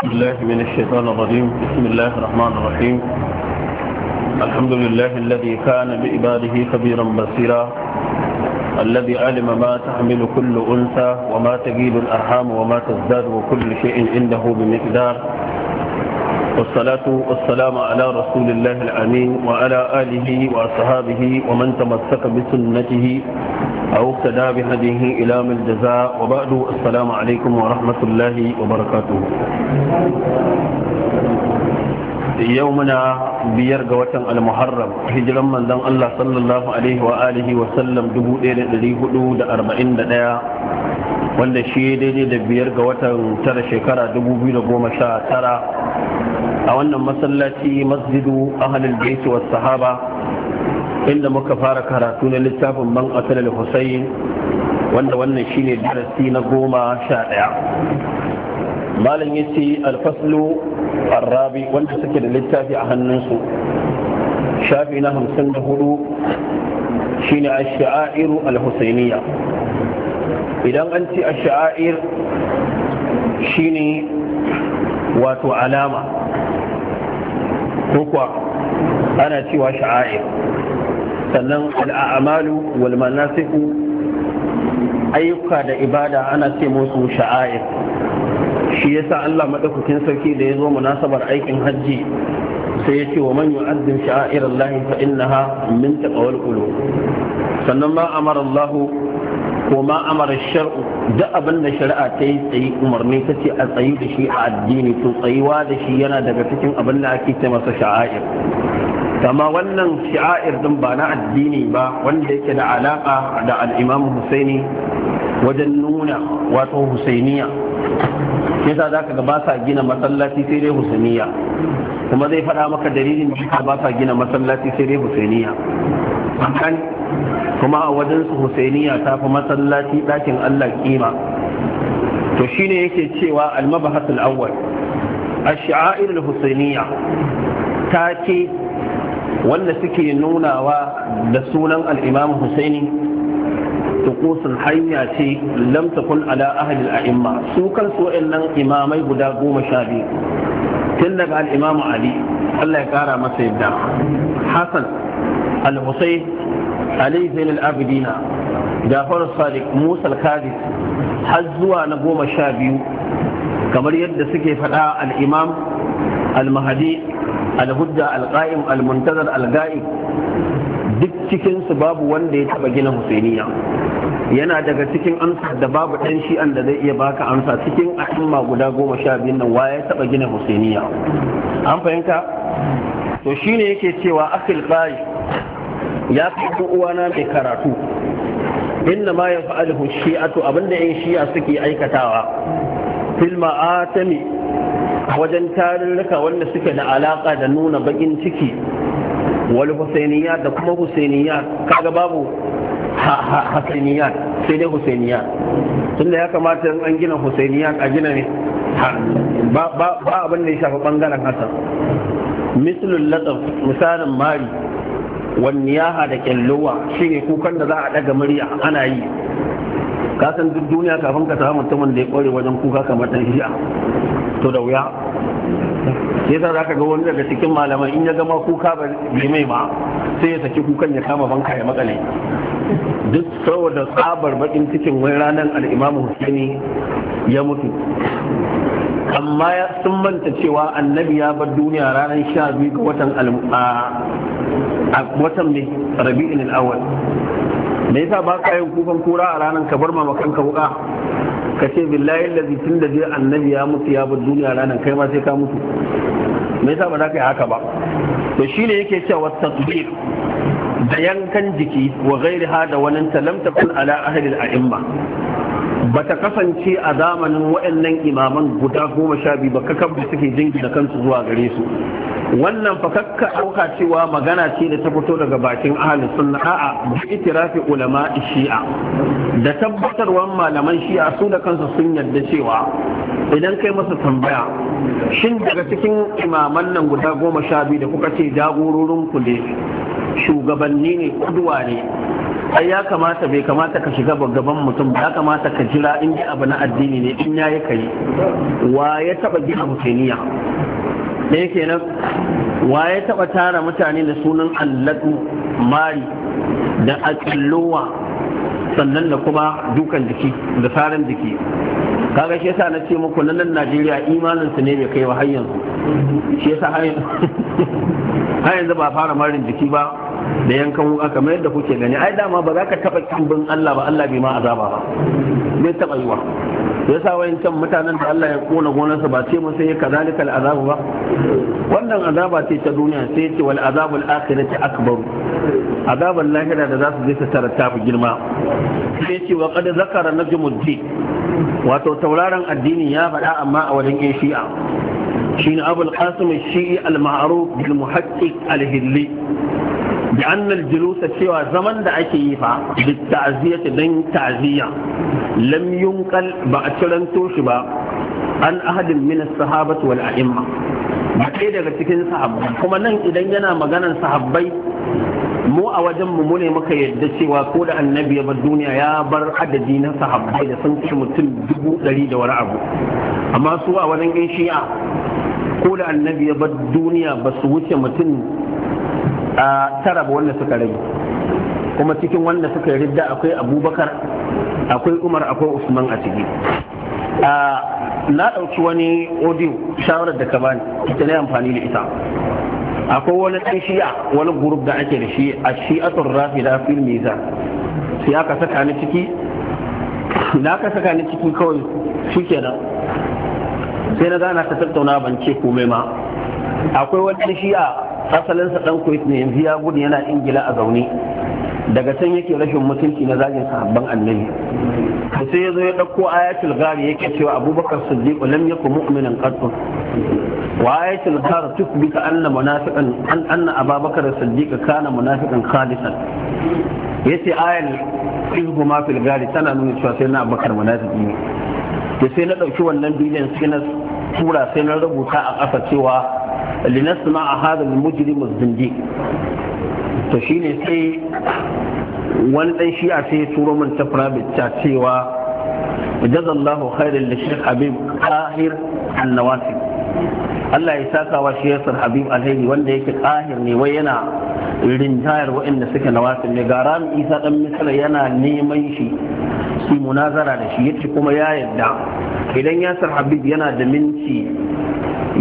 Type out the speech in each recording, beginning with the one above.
بسم الله من الشيطان الرجيم بسم الله الرحمن الرحيم الحمد لله الذي كان بإباده خبيرا بصيرا الذي علم ما تحمل كل أنثى وما تجيل الأرحام وما تزداد وكل شيء عنده بمقدار والصلاة والسلام على رسول الله الأمين وعلى آله وأصحابه ومن تمسك بسنته أو اقتدى بهديه إلى من الجزاء وبعد السلام عليكم ورحمة الله وبركاته يومنا بيرغ وطن المحرم هجرا من دان الله صلى الله عليه وآله وسلم دبو إلى الذي هدو دا أربعين دا wanda shi daidai da biyar ga watan tara shekara 2019 a wannan masallaci masjidu ahalul baiti was sahaba inda muka fara karatu na littafin man asalal husayn wanda wannan shine darasi na goma sha ɗaya malam ya ce alfaslu arrabi wanda suke da littafi a hannunsu shafi na hamsin da hudu shine a sha'airu alhusainiya idan an ce a sha'air shine wato alama ko kuwa ana cewa sha'air sannan al'amalu wal manasiku ayyuka da ibada ana ce musu sha'air shi yasa Allah madaukakin sarki da ya zo munasabar aikin hajji sai ya ce wa man yu'azzim sha'air Allah fa ha min taqwal sannan ma amara Allah ko ma amara shar'u da abin da shari'a ta yi tsayi umarni ta ce a tsayi da shi a addini to tsayuwa da shi yana daga cikin abin da ake ce masa sha'air kama wannan shi'a'ir din ba na addini ba wanda yake da alaka da al'imamu husaini wajen nuna wato husainiya sa za ga ba sa gina masallaci sai dai husainiya kuma zai faɗa maka dalilin da ba sa gina masallaci sai dai husainiya kuma a wajen su husainiya ta fi masallaci ɗakin allah kima to shine yake cewa al-mabahatul awwal Husainiya ta تاتي wanda suke nunawa da sunan al'imam husaini tukusun hanya ce lam takun ala ahli al'imma su kansu wa'annan imamai guda goma sha biyu tun daga al'imam ali allah ya kara masa yadda hassan al-husayn ali zain abidina jafar sadiq musa al-kadis har zuwa na goma sha biyu kamar yadda suke faɗa al-imam al-mahadi alhujja alqa'im almuntazar alga'ib duk cikin su babu wanda ya taba gina husainiya yana daga cikin amsa da babu ɗan shi'an da zai iya baka amsa cikin a'imma guda goma sha biyun nan waye taɓa gina husainiya an fahimta to shine yake cewa akil qari ya fi uwana mai karatu inna ma ya shi'atu abinda yan shi'a suke aikatawa fil ma'atami wajen tarurruka wanda suke da alaka da nuna bakin ciki wani husainiya da kuma husainiya kaga babu husainiya sai dai husainiya tunda ya kamata in an gina husainiya a gina ne ba abin da ya shafi bangaren hasan mislul latsaf misalin mari wanniyaha da kyallowa shine kukan da za a daga murya ana yi kasan duk duniya kafin ka samu mutumin da ya kware wajen kuka kamar dan shi'a to da wuya yasa za ka ga wani daga cikin malaman in ya gama kuka ba bai mai ma sai ya saki kukan ya kama banka ya makale duk saboda tsabar bakin cikin wani ranar al'imamu husaini ya mutu amma ya sun manta cewa annabi ya bar duniya ranar sha biyu ga watan watan mai rabi'in al'awal me yasa ba ka yin kukan kura a ranar ka bar mamakan ka wuka ka ce billahi lazi tun da je annabi ya mutu ya bar duniya ranar kai ma sai ka mutu me yasa ba za ka yi haka ba to shine yake cewa tasbih da yankan jiki wa ha da wani talamta kun ala ahli al-a'imma ba ta kasance a zamanin waɗannan imaman guda goma sha biyu ba kakan suke jingina kansu zuwa gare su wannan fakakka ɗauka cewa magana ce da ta fito daga bakin ahli sunna a'a bi itirafi ulama shi'a da tabbatarwan malaman shi'a su da kansu sun yarda cewa idan kai masa tambaya shin daga cikin imaman nan guda goma sha biyu da kuka ce jagororin ku ne shugabanni ne kuduwa ne ai ya kamata bai kamata ka shiga gaban mutum ya kamata ka jira in abu na addini ne in yayi kai wa ya taba gina mutumiya ne kenan waye taba tara mutane da sunan allatu mari da akillowa sannan da kuma dukan jiki da tsarin jiki kaga shi yasa na ce muku na nan Najeriya imaninsu ne bai kai ba har shi yasa har yanzu ba fara marin jiki ba da yankan wuka kamar yadda kuke gani ai dama ba za ka taba kambin Allah ba Allah bai ma azaba ba bai taba yiwa yasa wayancan mutanen da Allah ya kona gonarsa ba ce masa ya kazalikal azabu ba wannan azaba ce ta duniya sai ce wal azabul akhirati akbaru azabar lahira da za su je ta tara fi girma sai ce wa qad zakara najmuddin wato tauraron addini ya faɗa amma a wajen yan shi'a shine abul qasim shi'i al-ma'ruf bil muhaqqiq al-hilli bi annal julusa cewa zaman da ake yi fa bi ta'ziyati dan ta'ziya lam yunqal ba a ciranto shi ba an ahadin min as-sahabati wal a'imma ba daga cikin sahabbai kuma nan idan yana maganan sahabbai mu a wajen mu ne muka yadda cewa ko da annabi ya bar duniya ya bar adadi na sahabbai da sun ci mutum dubu ɗari da wani abu amma su a wajen yan shi'a ko da annabi ya bar duniya ba su wuce mutum a taraba wanda suka rage kuma cikin wanda suka ridda akwai abubakar akwai umar akwai usman a ciki na ɗauki wani audio shawarar da ka bani ita na amfani da ita akwai wani ɗan shi'a wani gurub da ake da shi a shi'atun rafi da fil mizan sai aka saka ni ciki da aka saka ni ciki kawai shi kenan sai na gana ta tattauna ban ce komai ma akwai wani ɗan shi'a asalinsa dan kuwait ne yanzu ya gudu yana ingila a zaune daga can yake rashin mutunci na zagin sahabban annabi to sai yazo ya dauko ayatul ghari yake cewa abubakar siddiq lam yakun mu'minan qattu wa ayatul ghari tukbika anna munafiqan an anna abubakar siddiq kana munafiqan khalisan yace ayal izbu ma fil ghari tana nuna cewa sai na abubakar munafiqi ne sai na dauki wannan bidiyon sai na tura sai na rubuta a ƙasa cewa linasma a hadha al-mujrim az-zindi to shine sai wani dan shi'a sai turo min ta private ta cewa jazallahu khairan li shaykh habib qahir an Allah ya saka wa shi yasar habib alheri wanda yake qahir ne wai yana rinjayar waɗanda suke nawasa. ne ga rami isa ɗan misala yana neman shi su munazara da shi yace kuma ya yarda idan yasar habib yana da minti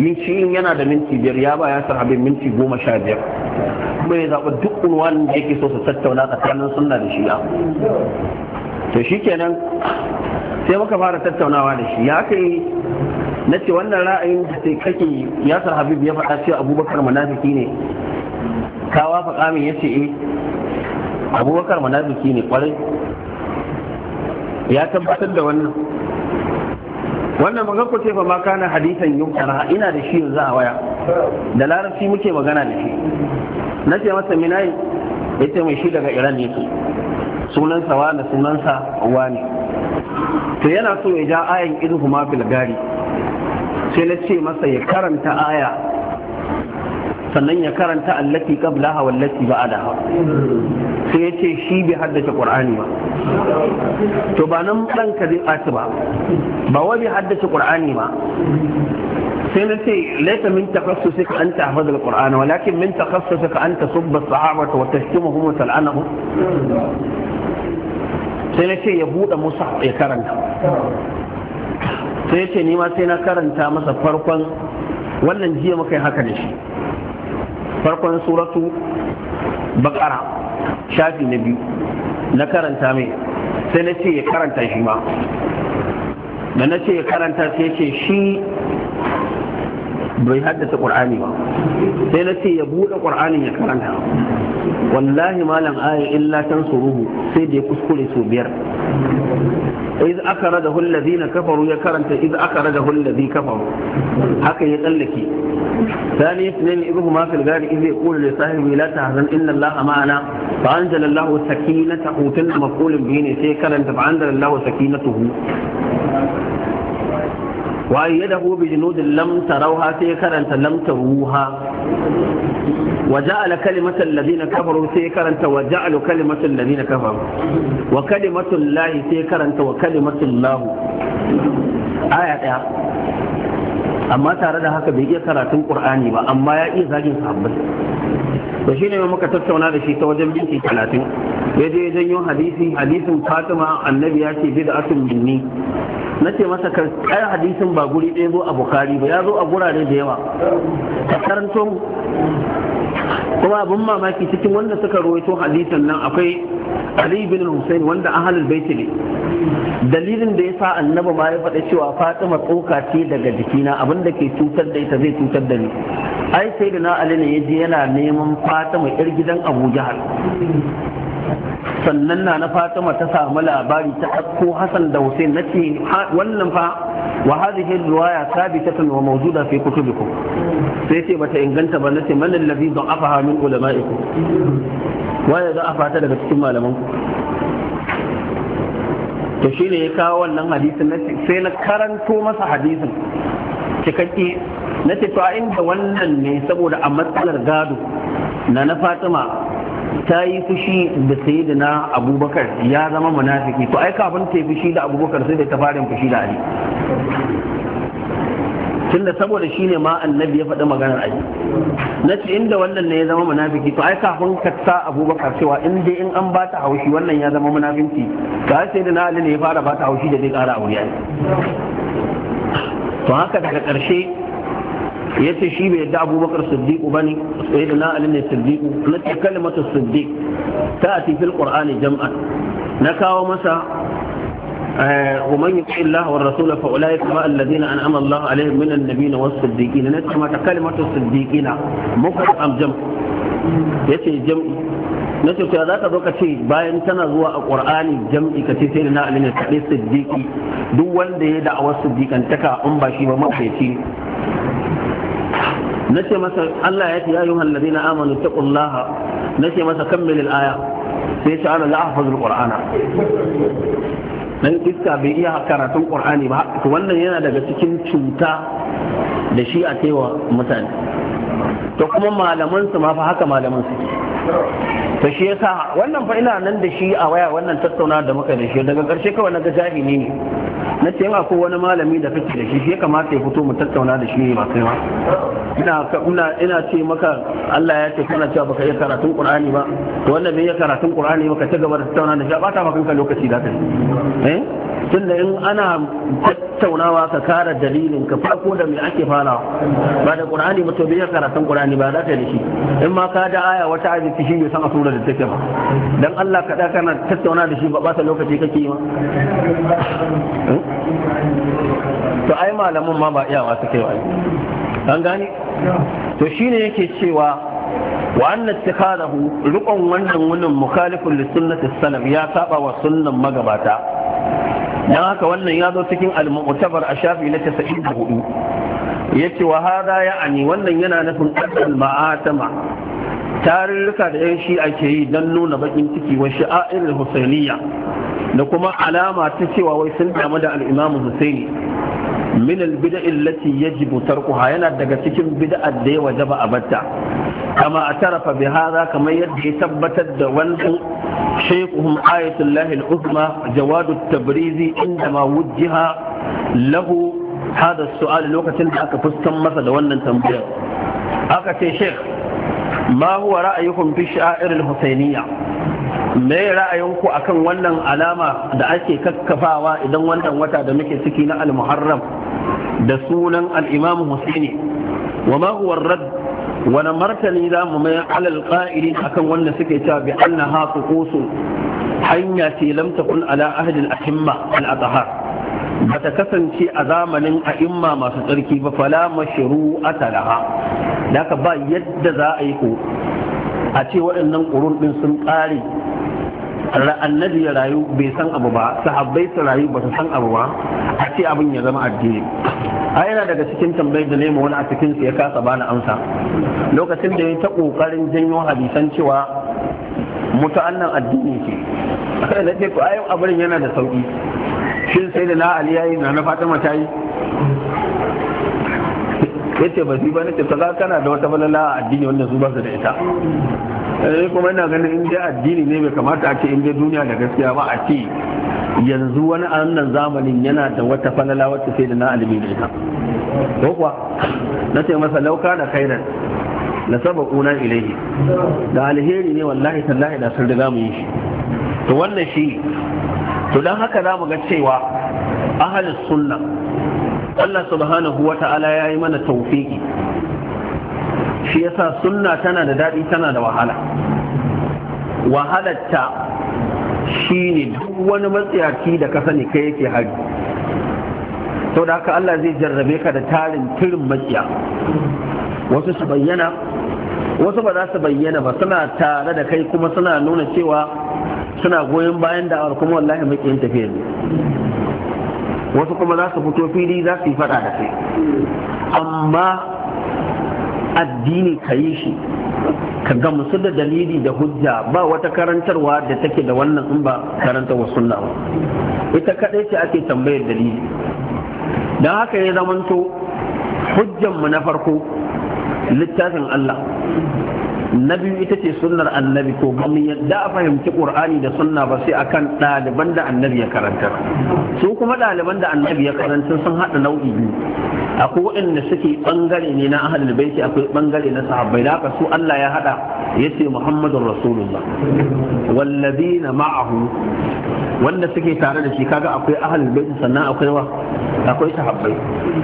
min yana da minti biyar ya ba ya abin minti goma sha biyar kuma ya zaɓa duk unwanin da yake so su tattauna tsakanin sunna da shi'a to shi kenan sai muka fara tattaunawa da shi ya kai na ce wannan ra'ayin da sai kake san habib ya faɗa cewa abubakar manafiki ne kawa faɗa min ya ce eh, abubakar manafiki ne kwarai ya tabbatar da wannan wannan magan ku ce fa ma kana hadisan yunkara ina da shi yanzu a waya da larabci muke magana da shi na ce masa minai ya mai shi daga iran sunan sunansa wani sunansa wani to yana so ya ja ayan idu kuma gari sai na ce masa ya karanta aya sannan ya karanta allati qablaha wallati ba'daha sai ya ce shi bai haddace ƙur'ani ba to ba nan ka zai ɓaci ba ba wai bai haddace ƙur'ani ba sai na ce laita min takassusi ka anta hafazal qur'ana walakin min takassusi ka anta subba sahabata wa tashtimuhum wa tal'anahum sai na ce ya buɗe musa ya karanta sai ya ce ni ma sai na karanta masa farkon wannan jiya muka yi haka da shi farkon suratu baqara shafi na biyu na karanta mai sai na ce ya karanta shi ma da na ce ya karanta sai ce shi bai haddasa ƙur'ani ba sai na ce ya buɗe ƙur'anin ya karanta wallahi malam aya illa tan suruhu sai da ya kuskure su biyar iz akara da hullazi na kafaru ya karanta iz akara da hullazi kafaru haka ya tsallake ثاني اثنين إذهما في الغار إذ يقول لصاحبه لا تحزن إن الله معنا فأنزل الله سكينته تلك مفعول به سيكرا فأنزل الله سكينته وأيده بجنود لم تروها سيكرا لم تروها وجعل كلمة الذين كفروا سيكرنت وجعل كلمة الذين كفروا وكلمة الله سيكرنت وكلمة الله آية آية amma tare da haka bai iya karatun Kur'ani ba amma ya iya zagin sahabbai to muka tattauna da shi ta wajan binci talatin ya je ya janyo hadisi hadisin fatima annabi ya ce na ce masa ka hadisin ba guri ɗaya zo a bukari ba ya zo a gurare da yawa ka karanto kuma abin mamaki cikin wanda suka rawaito hadisin nan akwai Ali bin Hussein wanda ahalul baiti ne dalilin da ya sa annabi ma ya faɗa cewa Fatima tsoka ce daga jikina abin da ke cutar da ita zai cutar da ni ai sai da na Ali ne yaje yana neman Fatima yar gidan Abu Jahal sannan na na fatima ta samu labari ta ɗauko hasan da hussein na ce wannan fa wa hadhihi riwaya sabitatun wa mawjuda fi kutubikum sai ce bata inganta ba nace man allazi da'afaha min ulama'ikum waye da'afa ta daga cikin malaman ku to shine ya kawo wannan hadisin sai na karanto masa hadisin cikakke na ce to a inda wannan ne saboda a matsalar gado na na fatima ta yi fushi da na abubakar ya zama munafiki to ai kafin ta yi fushi da abubakar sai da ta fara fushi da ali tunda saboda shi ne ma annabi ya faɗi maganar ali na ce inda wannan ne ya zama munafiki to ai kafin ka sa abubakar cewa in dai in an ba ta haushi wannan ya zama munafinci to ai sai da na ali ne ya fara bata haushi da zai ƙara aure to haka daga ƙarshe ya ce shi bai yadda abubakar siddiqu ba ne sai da na'ali ne siddiqu na ce kalmata siddiq ta a fil qur'ani jam'an na kawo masa ومن يطع الله والرسول فاولئك مع الذين انعم الله عليهم من النبيين والصديقين نسمع كلمه الصديقين مفرد ام ya ce jam'i na ce za ka zo ka ce bayan tana zuwa a ƙur'ani jam'i ka ce sai da na alina kaɗai duk wanda ya da'awar siddiƙantaka in ba shi ba mafiyaci nace masa Allah ya ce ya ayyuhal ladina amanu taqullaha nace masa kammil aya sai ya ce ana qur'ana dan iska bai iya karatun qur'ani ba wannan yana daga cikin cuta da shi a taiwa mutane to kuma malaman su ma fa haka malaman su to shi yasa wannan fa ina nan da shi a waya wannan tattauna da muka da shi daga karshe kawai na ga jahili ne na ce wani malami da kake da shi shi ya kamata ya fito mu tattauna da shi ne ba ina ce maka Allah ya ce kana cewa baka yi karatun Qur'ani ba to wanda bai yi karatun Qur'ani ka ta gaba da tattauna da shi ba ta maka lokaci da kai eh tunda in ana tattaunawa ka kara dalilin ka farko da me ake fara ba da Qur'ani ba to bai yi karatun Qur'ani ba za ka yi shi in ma ka da aya wata aji shi ne san asura da take ba dan Allah ka da kana tattauna da shi ba ba ta lokaci kake yi ma eh? to ai malamin ma ba iyawa suke wa an gane to shine yake cewa wa anna ittikhadahu riqon wannan wannan mukhalifun li sunnati salaf ya saba wa sunnan magabata dan haka wannan ya zo cikin al-mu'tabar a shafi na 94 yace wa hada ya wannan yana nufin al-ma'atama tarurruka da yan shi ake yi don nuna bakin ciki wa sha'a'ir husainiya da kuma alama ta cewa wai sun damu da al-imam husaini min albida allati yajibu tarkuha yana daga cikin bid'ar da ya wajaba a batta kama tarafa bi hadha kamar yadda ya tabbatar da wannan shaykhuhum ayatullahi al-uzma jawadu at-tabrizi indama wujjiha lahu hada su'al lokacin da aka fuskan masa da wannan tambayar aka ce sheikh ma huwa ra'ayukum fi sha'ir al-husainiyya me ra'ayinku akan wannan alama da ake kakkafawa idan wannan wata da muke ciki na al-muharram da sunan al-imam husaini wa ma huwa wani martani za mu mai alal akan wanda suke cewa bi annaha suqusu hanya ce lam takun ala ahli ahimma al-athhar bata kasance a zamanin a'imma masu tsarki ba fala mashru'ata laha da ka ba yadda za a yi ko a ce waɗannan ƙurun ɗin sun ƙare annabi ya rayu bai san abu ba sahabbai su rayu ba su san abu ba a ce abin ya zama addini a yana daga cikin tambayar da nema wani a cikin su ya kasa bani amsa lokacin da ya ta kokarin janyo hadisan cewa mutu'annan addini ke kai na ce to abin yana da sauki shin sai da na ali yayi na na fatima ta yi yace ba shi ba nace kaga kana da wata balala a addini wanda su ba su da ita eh kuma ina ganin in dai addini ne bai kamata a ce in dai duniya da gaskiya ba a ce yanzu wani annan zamanin yana da wata falala wacce sai da na alimi da ita ko kuwa ce masa lauka da na saba sabaquna ilahi da alheri ne wallahi tallahi da sun riga mu yi shi to wannan shi to dan haka zamu ga cewa ahlus sunnah Allah subhanahu wa ta'ala ya yi mana taufiki shi yasa sunna tana da daɗi tana da wahala wahalarta shi ne duk wani matsayaki da ka sani kai yake hari sau da haka Allah zai jarrabe ka da tarin tirin matsiya wasu su bayyana wasu ba za su bayyana ba suna tare da kai kuma suna nuna cewa suna goyon bayan da'awar kuma wallahi makiyin tafiya ne wasu kuma za su fito fili za su yi faɗa da kai amma addini ka yi shi ka gamsu da dalili da hujja ba wata karantarwa da take da wannan in ba wa sunna ba ita kaɗai ce ake tambayar dalili don haka ya zamanto hujjanmu na farko littafin Allah na biyu ita ce sunnar annabi ko ba mu yadda a fahimci qur'ani da sunna ba sai akan ɗaliban da annabi ya karanta su kuma ɗaliban da annabi ya karanta sun haɗa nau'i biyu akwai waɗanda suke bangare ne na ahlul baiti akwai bangare na sahabbai da haka su Allah ya haɗa yace muhammadun rasulullah wallazina ma'ahu wanda suke tare da shi kaga akwai ahalin bait sannan akwai wa akwai sahabbai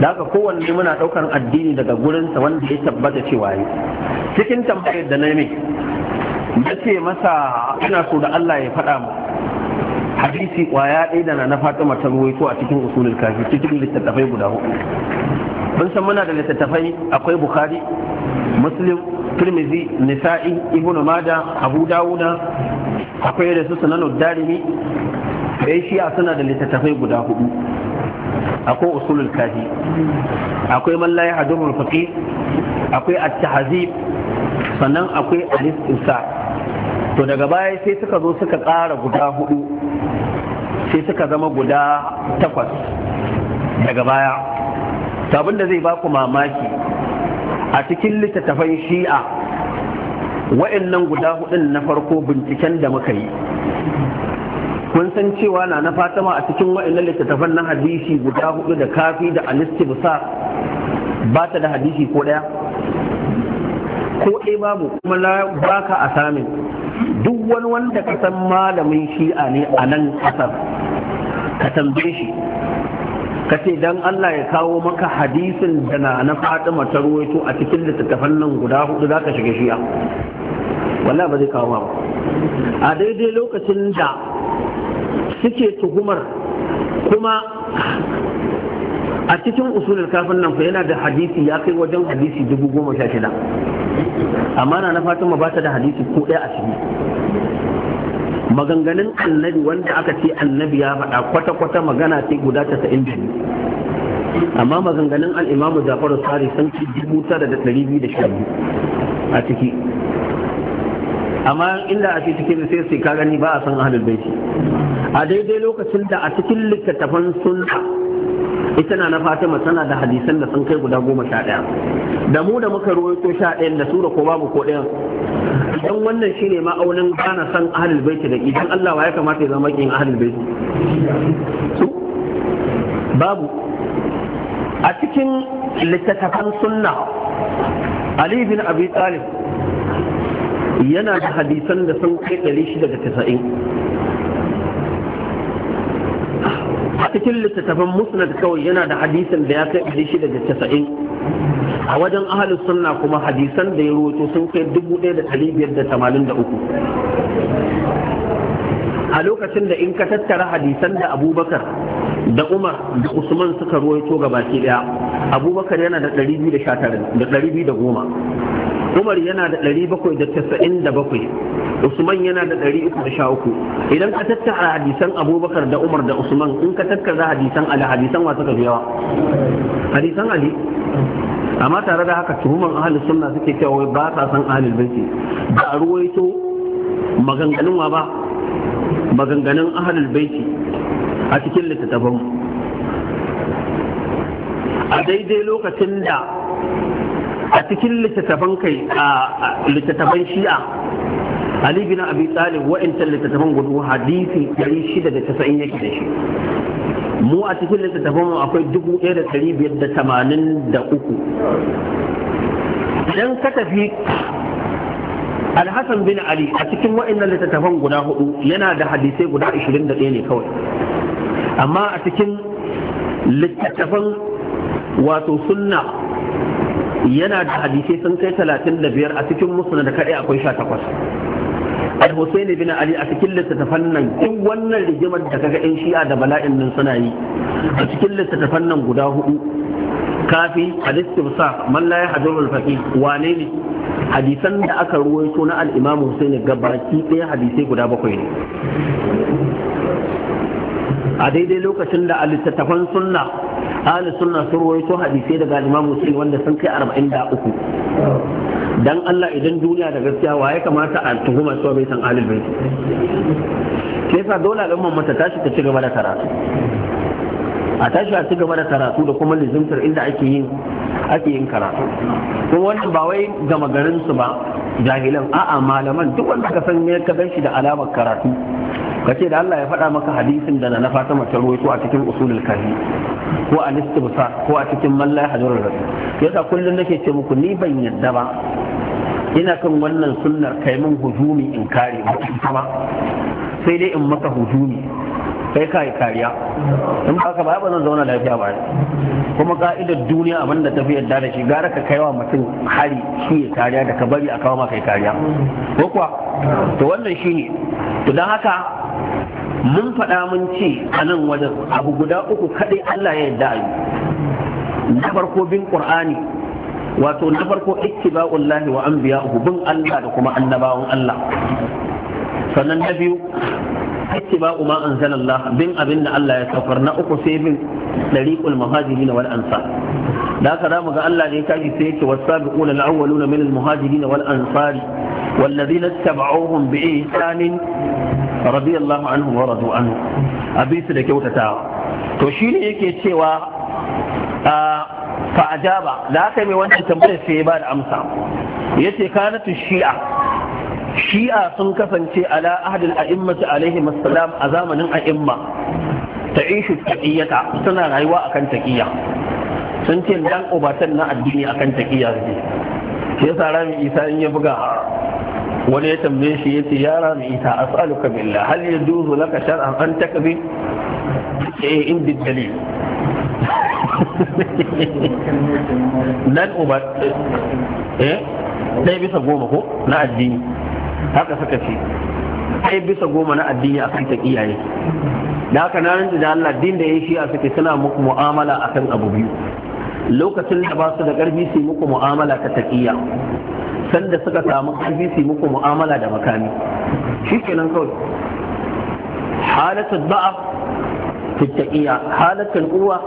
da haka kowanne muna daukar addini daga gurin sa wanda ya tabbata cewa yi cikin tambayar da na ne ce masa ina so da Allah ya faɗa mu hadisi kwaya ɗaya da na Fatima ta ruwaito a cikin usulul kafi cikin littattafai guda hudu mun san muna da littattafai akwai bukhari muslim tirmizi nisa'i ibnu mada abu dawuda akwai da su sunan darimi dai shi'a suna da littattafai guda hudu akwai usulul kaji akwai man hadurul yahdurul akwai at-tahzib sannan akwai al-istinsa to daga baya sai suka zo suka ƙara guda hudu sai suka zama guda takwas daga baya sabon da zai ba ku mamaki a cikin littattafan shi'a wa'annan guda hudun na farko binciken da muka yi kun san cewa na na fatima a cikin wa'annan littattafan na hadisi guda hudu da kafi da alistibsa ba ta da hadisi ko daya ko ɗaya eh babu kuma na baka a samin duk wani wanda ka san malamin shi'a ne a nan kasar ka tambaye shi ka ce dan Allah ya kawo maka hadisin da na na Fatima ta ruwaito a cikin littattafan nan guda hudu zaka shiga shi'a wallahi ba zai kawo ba a daidai lokacin da suke tuhumar kuma a cikin usulul kafin nan yana da hadisi ya kai wajen hadisi dubu goma sha shida amma na fatima ba ta da hadisi ko ɗaya a ciki maganganun annabi wanda aka ce annabi ya faɗa kwata-kwata magana ce guda sa'in da biyu amma maganganun al'imamu da sari sun ci dubu tara da ɗari biyu da sha biyu a ciki amma inda a cikin sai sai ka gani ba a san ahalul baiti a daidai lokacin da a cikin littattafan sunna ita na na fatima tana da hadisan da sun kai guda goma sha ɗaya da mu da muka ruwaito sha ɗayan da sura ko babu ko ɗaya idan wannan shine ma'aunin gana san ahlul baiti da idan Allah wa ya kamata ya zama kin ahlul baiti babu a cikin littattafan sunna Ali bin Abi Talib yana da hadisan da sun kai 690 cikin littattafan musnad kawai yana da hadisin da ya kai ɗari shida da casa'in a wajen ahalus sunna kuma hadisan da ya roto sun kai dubu ɗaya da ɗari biyar da tamanin da uku a lokacin da in ka tattara hadisan da abubakar da umar da usman suka ruwaito ga baki ɗaya abubakar yana da ɗari biyu da sha da ɗari biyu da goma umar yana da ɗari bakwai da casa'in da bakwai usman yana da ɗari uku da sha uku idan ka tattara hadisan abubakar da umar da usman in ka tattara hadisan ali hadisan wa suka fi yawa hadisan ali amma tare da haka tuhumar ahalin sunna suke cewa ba sa san ahalin baiti ba a ruwaito maganganun wa ba maganganun ahalin baiti a cikin littattafan a daidai lokacin da a cikin littattafan kai a littattafan shi'a ali bin abi talib wa'intan littattafan gudu hadisi 690 yake da shi mu a cikin littattafan mu akwai 1583 idan ka tafi alhassan bin ali a cikin wa'annan littattafan guda hudu yana da hadisai guda 21 ne kawai amma a cikin littattafan wato sunna yana da hadisai sun kai 35 a cikin musulun da kaɗai akwai 18 al husaini bin ali a cikin littattafan nan in wannan rigimar da kaga in shi'a da bala'in nan suna yi a cikin littattafan nan guda hudu kafi al-istibsa man la yahduru al wane ne hadisan da aka ruwaito na al-imam husayn gabaki ɗaya hadisai guda bakwai ne a daidai lokacin da a littattafan sunna ahli sunna sun ruwaito hadisai daga al-imam husayn wanda sun kai 43 dan Allah idan duniya da gaskiya wa ya kamata a tuhuma su bai san alil bai sai sa dole al'umma mata tashi ta ci gaba da karatu a tashi a ci gaba da karatu da kuma lizimtar inda ake yin ake yin karatu kuma wannan ba wai gama garin su ba jahilan a'a malaman duk wanda ka san ne ka shi da alamar karatu kace da Allah ya faɗa maka hadisin da na Fatima ta ko a cikin usulul kafi ko a istibsa ko a cikin malla hajrul rasul yasa kullun nake ce muku ni ban yadda ba ina kan wannan sunnar kai mun hujumi in kare ba sai dai in maka hujumi kai kai kariya in ba ka ba ba zan zauna lafiya ba kuma ka'idar duniya abin da tafi yadda da shi gara ka kaiwa mutum hari shi ya kariya da ka bari a kawo maka kariya ko kuwa to wannan shi ne. to dan haka mun faɗa mun ce a nan wajen abu guda uku kaɗai Allah ya yarda a yi na farko bin qur'ani wato na farko ittiba'ul lahi wa anbiya'uhu bin Allah da kuma annabawan Allah sannan na biyu ittiba ma anzalallah bin abin da Allah ya safar na uku sai bin dariqul muhajirin wal ansar da haka zamu ga Allah ne kaji sai yake na al awwalun min al muhajirin wal ansar wal ladina tabauhum bi ihsan radiyallahu anhum wa radu anhu abisu da kyautata to shi ne yake cewa fa ajaba da haka mai wannan tambayar sai ya ba da amsa yace kanatu shi'a. shi'a sun kasance ala ahadil a'immatu alaihi assalam a zamanin a'imma ta'ishu taqiyata suna rayuwa akan taƙiyya, sun ce dan ubatan na addini akan taƙiyya su ke yasa rami isa in ya buga wani ya tambaye shi ya ce ya rami isa a as'aluka billah hal yaduzu laka shar'an an takbi eh in bid dalil dan ubat eh ɗaya bisa goma ko na addini haka suka ce ai bisa goma na addini a kan taƙiya ne da haka na rinji da Allah din da ya shi a suke suna muku mu'amala akan abu biyu lokacin da ba su da ƙarfi su muku mu'amala ta taƙiya sanda suka samu ƙarfi su muku mu'amala da makami shi kenan kawai halatul ba'a fi taƙiya halatul uwa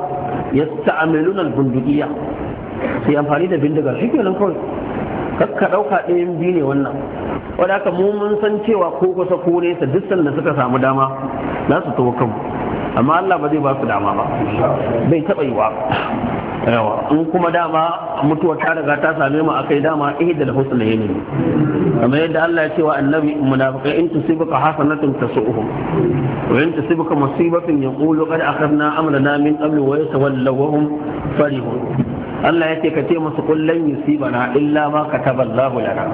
yasta'amiluna al-bunduqiyya sai amfani da bindiga shi kenan kawai ka ɗauka ɗayan biyu ne wannan wadda haka mu mun san cewa ko kusa ko nesa duk sanda suka samu dama za su tawo kan amma Allah ba zai ba su dama ba bai taɓa yi wa yawa in kuma dama mutuwa ta riga ta same mu akai dama ihda da husna yini kamar yadda Allah ya cewa annabi munafiqai in tusibuka hasanatun tasu'uhum wa in tusibuka musibatun yaqulu qad akhadna amrana min qablu wa yatawallaw farihun Allah ya ce ka ce musu kullun yusibana illa ma kataballahu lana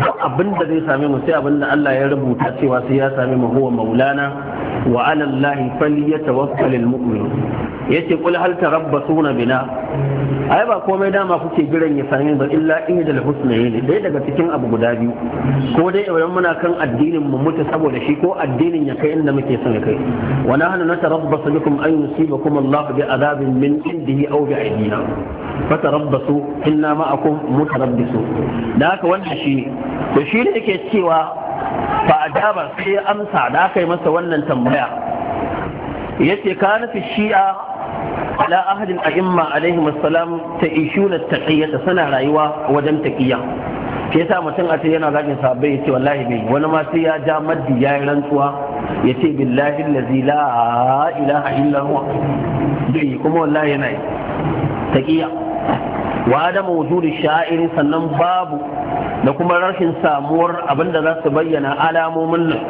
duk abin da zai same mu sai abin da Allah ya rubuta cewa sai ya same mu huwa maulana wa ala Allah falyatawakkalul mu'min yace qul hal tarabbasuna bina ai ba komai dama kuke jiran ya same ba illa in da husnayi ne dai daga cikin abu guda biyu ko dai idan muna kan addinin mu mutu saboda shi ko addinin ya kai inda muke son ya kai wa nahnu natarabbasu bikum an yusibakum Allah bi adabin min indihi aw bi aydina fatarabbasu inna ma'akum mutarabbisu da haka wannan ne. to shi ne yake cewa fa adaba sai amsa da yi masa wannan tambaya yace ka fi shi'a ala ahadin a'imma alaihim assalam ta ishuna taqiyata sana rayuwa wajen taqiya ke yasa mutum a ce yana zakin ya yace wallahi bai wani ma sai ya ja maddi ya yi rantsuwa yace billahi Lazi la ilaha illa huwa bai kuma wallahi yana yi taqiya wa adam wujudi sha'iri sannan babu da kuma rashin samuwar abinda za su bayyana alamomin nan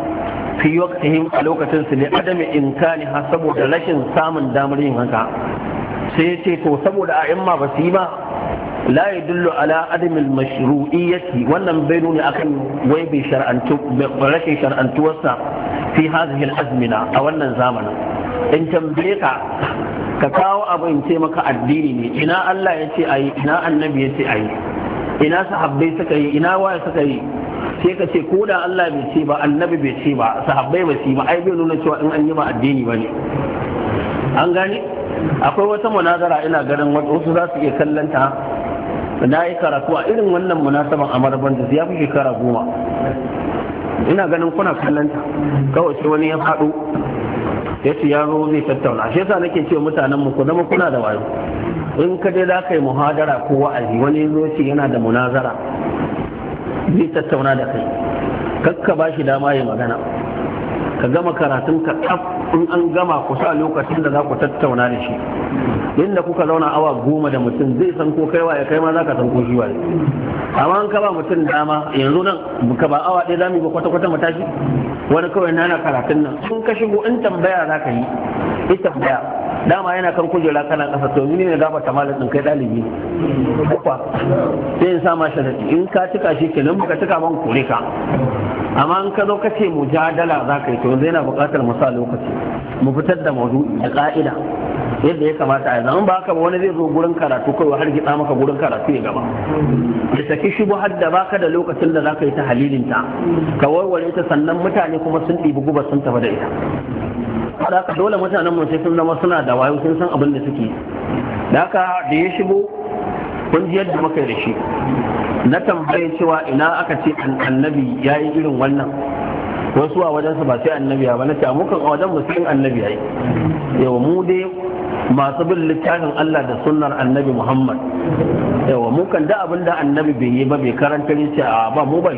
fi waqtihim a lokacin su ne adami imkani ha saboda rashin samun damar yin haka sai ya ce to saboda a imma ba su yi ba la yadullu ala adami mashru'iyyati wannan bai nuni akan wai bai shar'antu rashin shar'antuwarsa fi hadhihi al-azmina a wannan zamanin in tambaye ka ka kawo in ce maka addini ne ina Allah ya ce ayi ina annabi ya ce ayi ina sahabbai suka yi ina waya suka yi sai ka ce ko da Allah bai ce ba annabi bai ce ba sahabbai bai ce ba ai bai nuna cewa in an yi ba addini ba ne an gane akwai wata munazara ina ganin wasu za su iya kallanta na yi karatu a irin wannan munasaban a da ya fi shekara goma ina ganin kuna kallanta kawai sai wani ya faɗo ya ce yaro zai tattauna shi yasa nake ce mutanen mu ku zama kuna da wayo in ka je za ka yi muhadara ko wa'azi wani zo ce yana da munazara zai tattauna da kai kakka ba shi dama ya magana ka gama karatun ka kaf in an gama ku sa lokacin da za ku tattauna da shi inda kuka zauna awa goma da mutum zai san ko kaiwa ya kai ma za ka san ko shi waye amma an kaba mutum dama yanzu nan ka ba awa ɗaya zamu yi kwata kwata mu wani kawai na karatun nan sun ka shigo in tambaya za ka yi ita tambaya dama yana kan kujera kana kasa to ni ne gaba ta din kai dalibi kuka sai in sa ma sharadi in ka tuka shi kenan baka tuka ban kore ka amma in ka zo ka ce mujadala za ka yi to yanzu yana buƙatar mu lokaci mu fitar da maudu'i da ka'ida yadda ya kamata a yanzu ba haka wani zai zo gurin karatu kawai har gida maka gurin karatu ya gaba da saki bu har da baka da lokacin da za ka yi ta halilinta ka warware ta sannan mutane kuma sun ɗibi guba sun tafi da ita haka dole mutanen mu sai sun zama suna da wayo sun san abin da suke da haka da ya shigo kun ji yadda muka da shi na tambaye cewa ina aka ce annabi ya yi irin wannan wasu a wajensa ba sai annabi ba na ce a a wajen musulun annabi ya yi yau mu dai masu bin littafin Allah da sunnar annabi Muhammad yawa mu kan da abin annabi bai yi ba bai karantar ne ce ba mu bai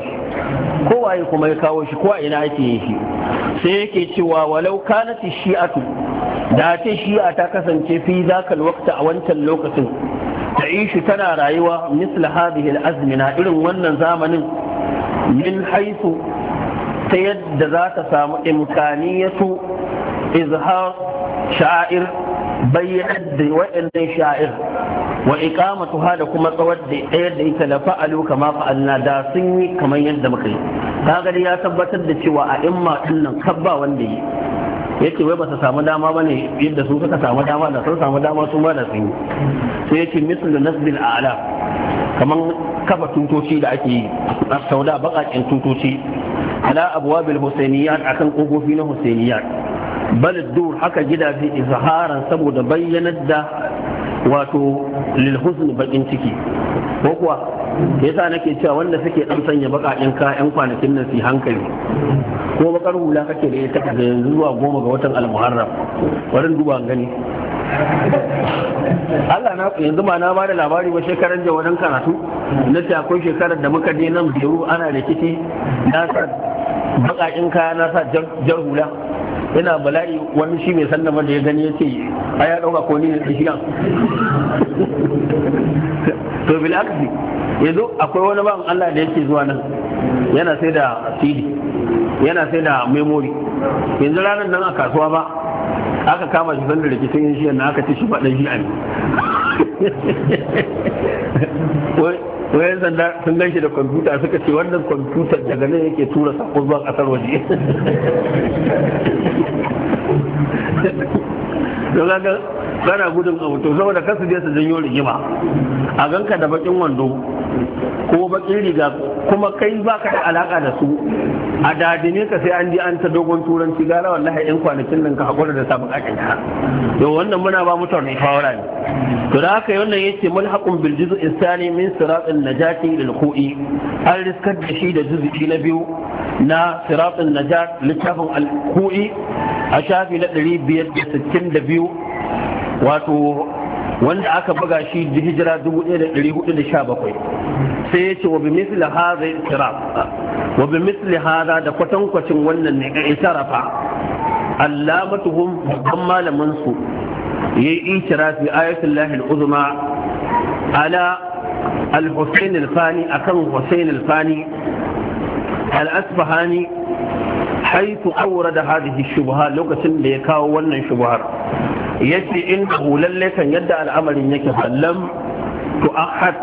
ko waye kuma ya kawo shi ko a ina ake yi shi sai yake cewa walau kanat shi'atu da ta shi'a ta kasance fi zakal waqta a wancan lokacin Da ishu tana rayuwa misl hadhihi azmina irin wannan zamanin min haifu ta yadda za ta samu imkaniyatu izhar sha'ir bayyana da wa'annan sha'ir wa iqamatuha da kuma tsawar da da ita la fa'alu kama fa'alna da sun yi kamar yadda muka yi ya tabbatar da cewa a imma din nan kabba wanda yi yake wai ba su samu dama ba ne yadda su suka samu dama da sun samu dama su ma sun yi sai yake mislu nasbil a'la kamar kafa tutoci da ake yi a sauda baƙaƙen tutoci ala abwabil husainiyat akan kofofi na husainiyat bal haka gidaje izharan saboda bayyanar da wato lil bakin ciki ko kuwa yasa nake cewa wanda suke dan sanya bakakin ka yan kwanakin nan su hankali ko bakar hula kake da ita daga yanzu zuwa goma ga watan al-muharram warin duba gani Allah na yanzu ma na bada labari ba shekaran da wadan karatu na ce akwai shekarar da muka je nan biyu ana rikici na sa bakakin kaya na sa jar hula yana bala'i wani shi mai sallama da ya gani ya ce a ya ɗauka ko ni ne ɗan to bil aksi yanzu akwai wani ban Allah da yake zuwa nan yana sai da CD yana sai da memory yanzu ranar nan a kasuwa ba aka kama shi sanda da kisan yin shi na aka ci shi ba shi a ne to sanda sun ganshi da kwamfuta suka ce wannan kwamfutar daga nan yake tura sako zuwa kasar waje don haka kana gudun abu to saboda kasu je su janyo rigima a ganka da bakin wando ko bakin riga kuma kai ba ka da alaƙa da su a dadine ka sai an ji an ta dogon turanci gara wallahi yan kwanakin nan ka hakura da samun buƙaƙin ka to wannan muna ba mutane fawara ne to da haka wannan yace mulhaqun bil juz'i insani min siratin najati lil khu'i an riskar da shi da juz'i na biyu na siratin najat littafin al khu'i a shafi na 562 wato wanda aka buga shi hijira 1417 sai ya ce wa bi misli hadha itiraf wa bi misli hadha da kwatankwacin wannan ne itirafa allamatuhum babban malamin su yayi itirafi ayatul lahi al-uzma ala al-husayn al-fani akan husayn al-fani al-asfahani حيث أورد هذه الشبهة لو كسن ليكاو ونن شبهة Ya ce inda lalle kan yadda al'amarin yake fallam to ahad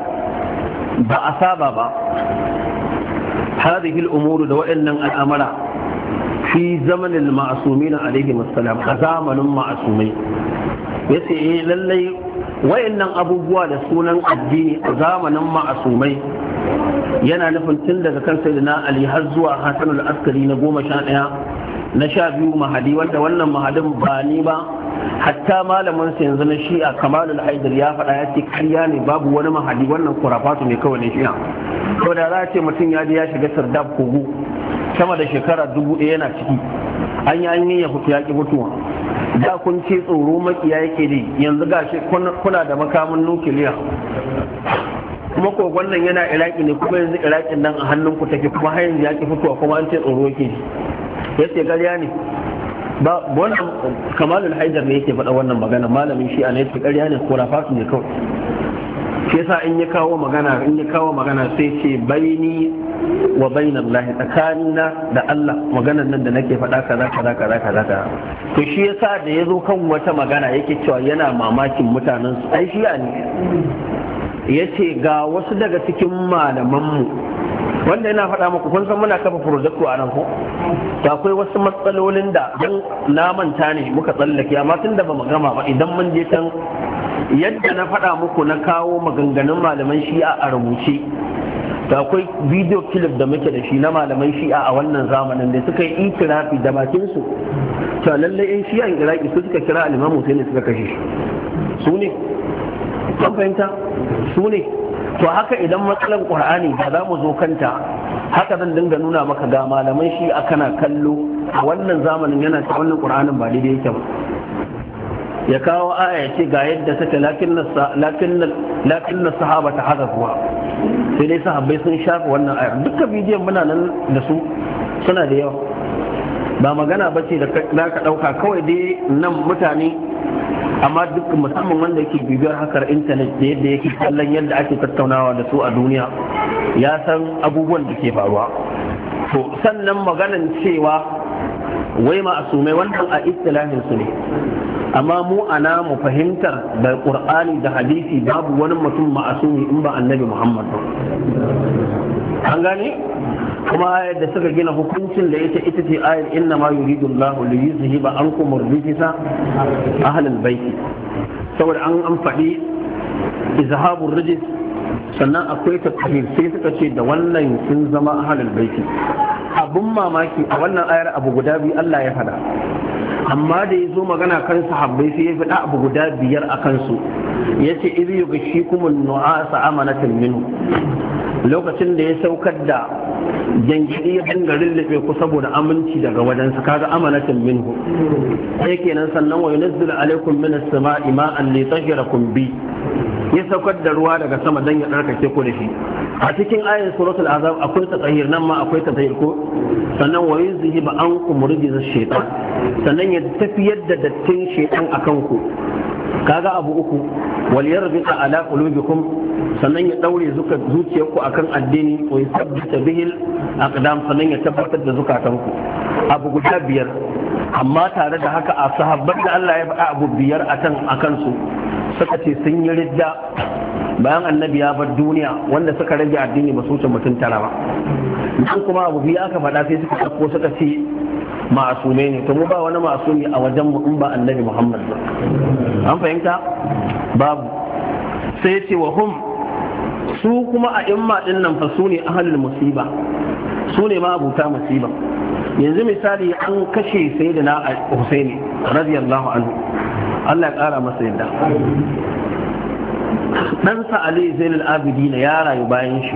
ba a saba ba hadhihi al'umuru da waɗannan al'amara fi zamanin ma'asumin alaihi musallam a zamanin Ya ce eh lalle waɗannan abubuwa da sunan addini a zamanin ma'asumai yana nufin tun daga kan sayyidina ali har zuwa hasanul askari na goma sha ɗaya na sha biyu mahadi wanda wannan mahadin ba ni ba hatta malamin sa yanzu na shi'a kamalul haidar ya faɗa ya ce karya ne babu wani mahadi wannan kurafatu ne kawai ne shi'a to da za a ce mutum ya je ya shiga sardab kogo sama da shekara dubu ɗaya yana ciki an yi an yi ya fito ya ƙi mutuwa da kun ce tsoro makiya yake ne yanzu ga shi kuna da makamin nukiliya kuma kogon nan yana iraki ne kuma yanzu irakin nan a hannunku take kuma har yanzu ya ƙi fitowa kuma an ce tsoro yake ya ce ne ba wannan kamalul haidar ne yake faɗa wannan magana malamin shi a ne ta ƙarya ne kurafatu ne kawai shi yasa in ya kawo magana in ya kawo magana sai ce baini wa bainan lahi tsakanina da Allah maganar nan da nake faɗa kaza kaza kaza kaza to shi yasa da ya zo kan wata magana yake cewa yana mamakin mutanen su ai shi ne ya ce ga wasu daga cikin malaman mu. wanda yana faɗa muku kun san muna kafa projecto a nan ko da akwai wasu matsalolin da dan na manta ne muka tsallake amma tun da bamu gama ba idan mun je can yadda na faɗa muku na kawo maganganun malaman shi'a a rubuce da akwai bidiyo clip da muke da shi na malaman shi'a a wannan zamanin da suka yi itirafi da bakin su to lalle in shi'a in iraki su suka kira alimamu sai ne suka kashe shi su ne kan fahimta su ne to haka idan matsalar qur'ani ba za mu zo kanta haka zan dinga nuna maka ga malamai shi a kana kallo a wannan zamanin yana ta wannan qur'anin ba daidai yake ya kawo aya ce ga yadda take lakin lakin sahaba ta haza kuwa sai dai sahabbai sun shafa wannan aya dukkan bidiyon muna nan da su suna da yawa ba magana ba ce da ka ɗauka kawai dai nan mutane amma duk musamman wanda yake bibiyar hakar intanet da yadda yake kallon yadda ake tattaunawa da su a duniya ya san abubuwan da ke faruwa to sannan maganan cewa wai ma'asumai wannan a istilahin su ne amma mu ana mu fahimtar da qur'ani da hadisi babu wani mutum ma'asumi in ba annabi muhammad ba an gane kuma ayar da suka gina hukuncin da ita ita ce ayar inna ma yuridu Allahu li yuzhiba ankum ar-rijsa ahlal bayt saboda an an faɗi izhabur rijis sannan akwai tafsir sai suka ce da wannan sun zama ahlal bayt abun mamaki a wannan ayar abu guda biyu Allah ya fada amma da ya zo magana kan sahabbai sai ya fada abu guda biyar a kansu ya ce iri kuma nu'asa amanatan minhu lokacin da ya saukar da jangiri ya dinga lullube ku saboda aminci daga wajen su kaga amanatin minhu sai kenan sannan wa yunzilu alaikum min as-sama'i ma'an li tahirakum bi ya saukar da ruwa daga sama dan ya darkake ku da shi a cikin ayin suratul azab akwai tatahir nan ma akwai tatahir ko sannan wa yuzhiba ankum rijza shaytan sannan ya tafiyar da dattin shaytan akan ku kaga abu uku waliyar yarbita ala qulubikum sannan ya daure zuka ku akan addini ko ya tabbata bihil aqdam sannan ya tabbatar da zukatanku abu guda biyar amma tare da haka a sahabban da Allah ya faɗa abu biyar akan akan su suka ce sun yi ridda bayan annabi ya bar duniya wanda suka rage addini ba su wuce mutum tara ba kuma abu biyu aka faɗa sai suka ɗauko suka ce ma'asume ne to mu ba wani ma'asumi a wajen mu in ba annabi Muhammad ba an fahimta babu sai ce wa hum su kuma a imma din nan fa su ne ahlul musiba su ne ma abuta musiba yanzu misali an kashe sayyidina Husaini radiyallahu anhu Allah ya kara masa yadda ɗansa Ali Zainul Abidina ya rayu bayan shi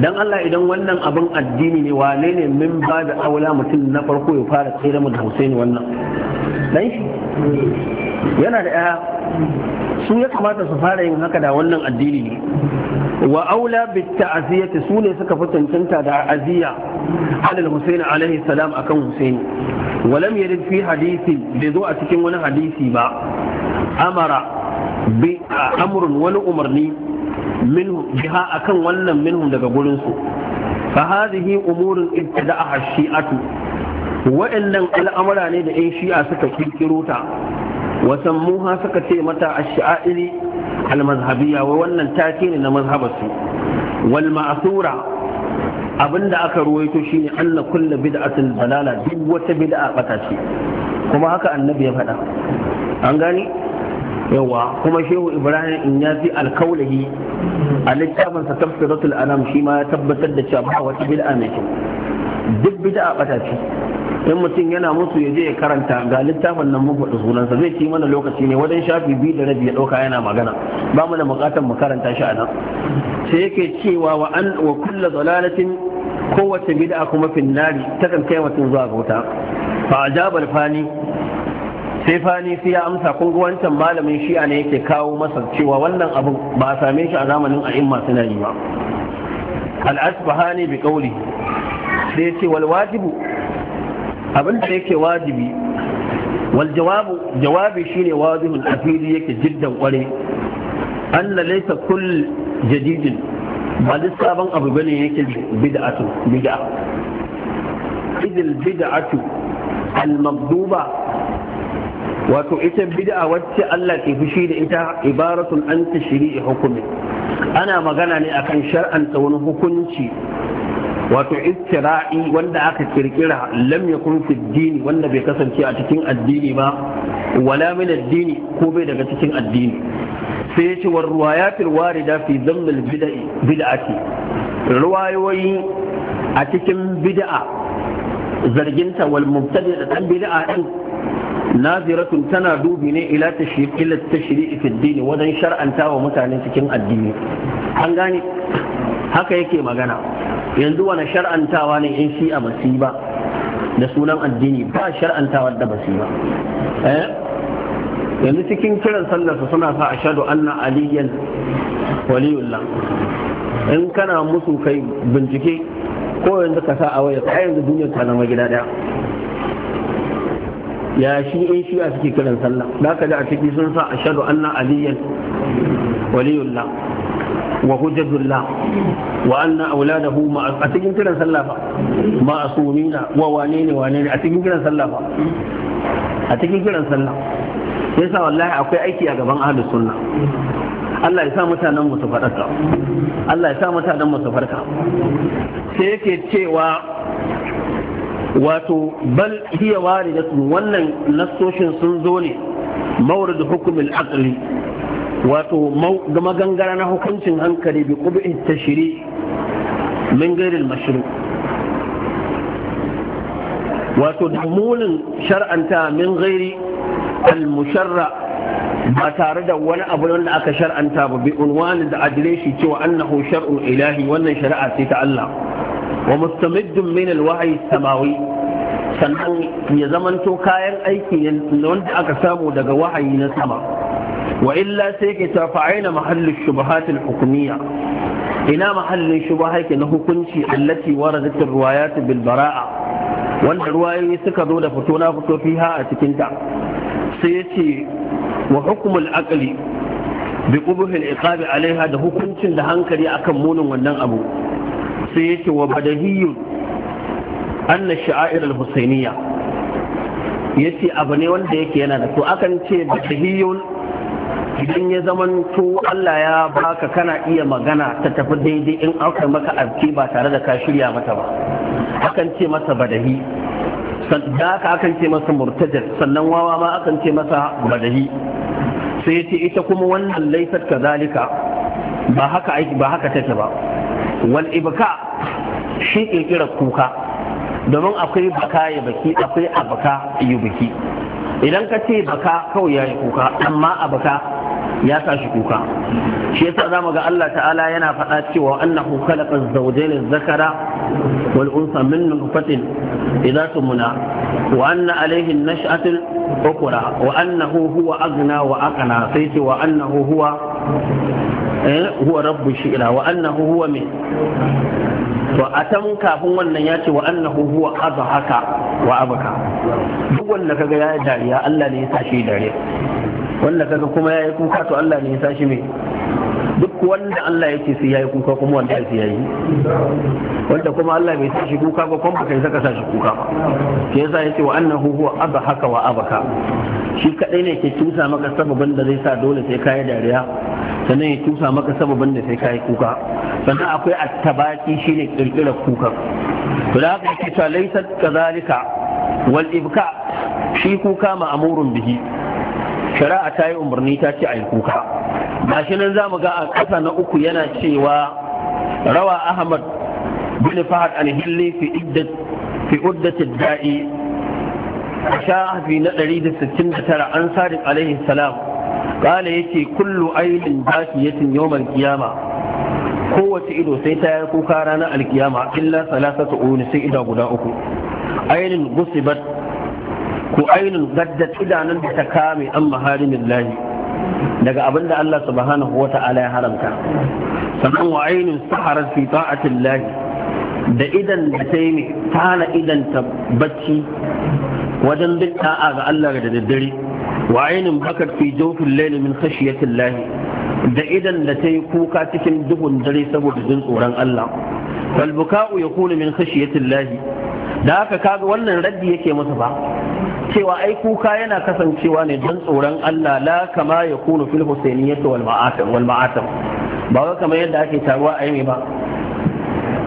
dan Allah idan wannan abin addini ne wane ne min ba da aula mutum na farko ya fara tsere mu da Hussein wannan dan shi yana da ya su ya kamata su fara yin haka da wannan addini ne wa aula bi ta'ziyati su ne suka fi cancanta da aziya alal Hussein alaihi salam akan Hussein walam yarid fi hadisi bai zo a cikin wani hadisi ba amara bi amrun wani umarni minhu biha akan wannan minhu daga gurin su fa umurin umurun ibtada'aha shi'atu wa'annan al'amura ne da yan shi'a suka kirkiro ta wa sammuha suka ce mata ash-sha'iri al-mazhabiyya wa wannan take ne na mazhabar su wal abinda aka ruwaito shine anna kullu bid'atin balala, duk wata bid'a bata ce kuma haka annabi ya faɗa an gani yawa kuma shehu ibrahim in ya fi alkaulahi a littafinsa tafsiratul anam shi ma ya tabbatar da cewa ba wata bid'a mai kyau duk bid'a bata ce in mutum yana musu ya je ya karanta ga littafin nan mun faɗi sunansa zai ci mana lokaci ne wajen shafi biyu da rabi ya ɗauka yana magana ba mu da bukatan mu karanta shi a nan sai yake cewa wa an wa kullu dalalatin kowace bid'a kuma finnari takan kai mutum zuwa ga wuta fa ajaba alfani sai fani sai ya amsa kun ga wancan malamin shi'a ne yake kawo masa cewa wannan abu ba a same shi a zamanin a'imma suna yi ba al bi qawli sai ce wal wajibu abin da yake wajibi wal jawabu jawabi shine wazihun afili yake jiddan kware anna laysa kull jadidin ba duk sabon abu bane yake bid'atu bid'a idil bid'atu al-mabduba wato ita bid'a wacce Allah ke fushi da ita ibaratun an tashri'i hukumi ana magana ne akan shar'anta wani hukunci wato istira'i wanda aka kirkira lam yakun fi dini wanda bai kasance a cikin addini ba wala min addini ko bai daga cikin addini sai yace war ruwayatil warida fi dhamm bid'i bid'ati ruwayoyi a cikin bid'a zarginta wal mubtadi da dan bid'a din naziratun tana dubi ne ila tashri'il tashri'i fi dini wajen shar'anta wa mutane cikin addini an gane haka yake magana yanzu wani shar'antawa ne in shi a masiba da sunan addini ba shar'antawa da masiba eh? yanzu cikin kiran sallarsa suna sa ashadu anna aliyan waliyullah in kana musu kai bincike ko yanzu ka sa a waya ta yanzu duniyar ta zama gida daya ya shi in shi a suke kiran sallah da ka ji a ciki sun sa ashadu anna aliyan waliyullah wa hujjatullah wa anna auladahu ma a cikin kiran sallah fa ma asumina wa wane ne wane ne a cikin kiran sallah fa a cikin kiran sallah yasa wallahi akwai aiki a gaban ahlus sunna Allah ya sa mutanen mu su faɗaka Allah ya sa mutanen mu su farka sai yake cewa wato bal hiya waridatun wannan nassoshin sun zo ne mawrid hukumul aqli wato gama gangara na hukuncin hankali bi qub'i tashri min ghairi al wato dumulin shar'anta min gairi al-musharra ba tare da wani abu wanda aka shar'anta ba bi unwanin da adireshi cewa annahu shar'un ilahi wannan shari'a ce ta Allah wa mustamiddun min alwahyi sannan ya zamanto kayan aiki ne wanda aka samu daga wahayi na sama wa illa sai ke tafi aina mahallin shubahatul hukumiyya ina mahallin shubaha ke na hukunci allati waradatul riwayat bil bara'a wanda ruwayoyi suka zo da fito na fito fiha a cikin ta sai ce wa hukmul aqli bi qubuhil iqabi alaiha da hukuncin da hankali akan munin wannan abu sai yake wa badahiyyu anna sha'air al-husainiyya yace abu ne wanda yake yana da to akan ce badahiyun, idan ya zaman to Allah ya baka kana iya magana ta tafi daidai in aka maka abki ba tare da ka shirya mata ba akan ce masa badahi da aka akan ce masa murtajar, sannan wawa ma akan ce masa badahi sai ce ita kuma wannan laifar ka zalika ba haka aiki ba haka take ba wal ibka shi kirkirar kuka domin akwai baka ya baki akwai abaka ya baki idan ka ce baka kawai ya yi kuka amma abaka ya sa shi kuka shi yasa mu ga Allah ta'ala yana faɗa cewa annahu khalaqa az-zawjayn az-zakara wal unsa min nutfatin idza tumna wa anna alayhi an-nash'at al-ukhra wa annahu huwa aghna wa aqna sai ce wa annahu huwa Eh, huwa rabbu shi'ra wa annahu huwa min to a tan kafin wannan ya ce wa annahu huwa azhaka wa abaka duk wanda kaga ya dariya Allah ne ya sa shi dariya wanda kaga kuma ya yi kuka to Allah ne ya sa shi mai duk wanda Allah ya ce sai yayi kuka kuma wanda sai yayi wanda kuma Allah bai tashi kuka ba kuma kai saka sashi kuka ba ke yasa yace wa annahu huwa abhaka wa abaka shi kadai ne ke tusa maka sababin da zai sa dole sai kai dariya sannan ya tusa maka sababin da sai kai kuka sannan akwai attabaki shine kirkirar kuka to da haka yake ta laysat kadhalika wal ibka shi kuka ma'amurun bihi shari'a ta yi umarni ta ce a yi kuka Mashinan nan za mu ga a ƙasa na uku yana cewa rawa ahmad bin fahad an hilli fi uddatin da'i a shafi na 169 an sadiq alaihi salam kala yake kullu ainin dakiyatin yawmal kiyama kowace ido sai ta yi kuka ranar alkiyama illa salasatu uni sai ida guda uku ainin gusibat ko ainihin gadda idanun da ta kame an maharimin lahi daga abin da Allah subhanahu wa ta'ala ya haramta sannan wa ainul saharar fi ta'atin lahi da idan da ta yi ta tana idan ta bacci wajen duk da'a ga Allah da daddare wa ainul bakar fi jawfin laili min khashiyatin lahi da idan da ta yi kuka cikin duhun dare saboda jin tsoron Allah falbuka'u ya kuna min khashiyatin lahi da haka kaga wannan raddi yake masa ba cewa ai kuka yana kasancewa ne don tsoron Allah la kama ya kunu fil husainiyyati wal ma'atam wal ma'atam ba wai kamar yadda ake taruwa a yimi ba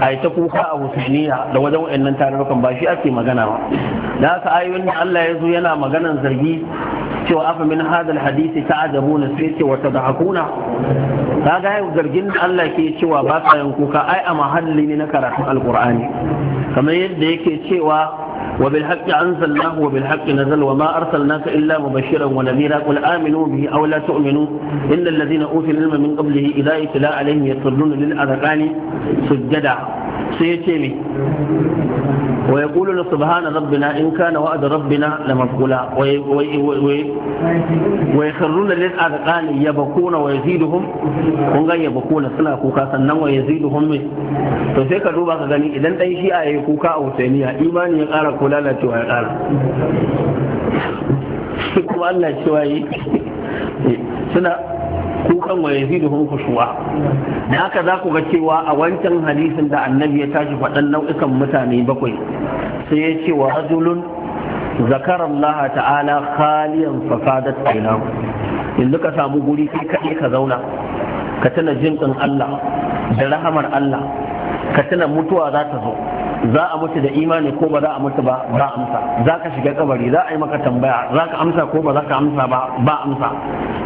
a ta kuka a husainiya da wajen wayannan tarurrukan ba shi ake magana ba da haka ayoyin da Allah ya zo yana maganan zargi cewa afa min hadal hadisi ta'jabuna sai ce wa tadhakuna kaga yau zargin da Allah ke cewa ba sa yin kuka ai a mahalli ne na karatun alqur'ani kamar yadda yake cewa وبالحق أنزلناه وبالحق نزل وما أرسلناك إلا مبشرا ونذيرا قل آمنوا به أو لا تؤمنوا إن الذين أوتوا العلم من قبله إذا يتلى عليهم يصلون للأذقان سجدا sai ya ce me wa ya kulu na subhana rabbina in kana wa'ad rabbina la mafqula wa ya kharruna lil azqani yabkuna wa yaziduhum kun ga yabkuna suna kuka sannan wa yaziduhum mai to sai ka duba ka gani idan dan shi a yi kuka a wutaniya imani ya ƙara ko lalacewa ya ƙara kuma Allah cewa yi suna kukan wa yaziduhum khushu'a dan haka za ku ga cewa a wancan hadisin da annabi ya tashi faɗan nau'ikan mutane bakwai sai ya ce wa rajulun zakara Allah ta'ala khaliyan fasadat aynahu In ka samu guri kai ka zauna ka tana jinƙin Allah da rahamar Allah ka tuna mutuwa za ta zo za a mutu da imani ko ba za a mutu ba ba amsa za ka shiga kabari za a yi maka tambaya za ka amsa ko ba za ka amsa ba ba amsa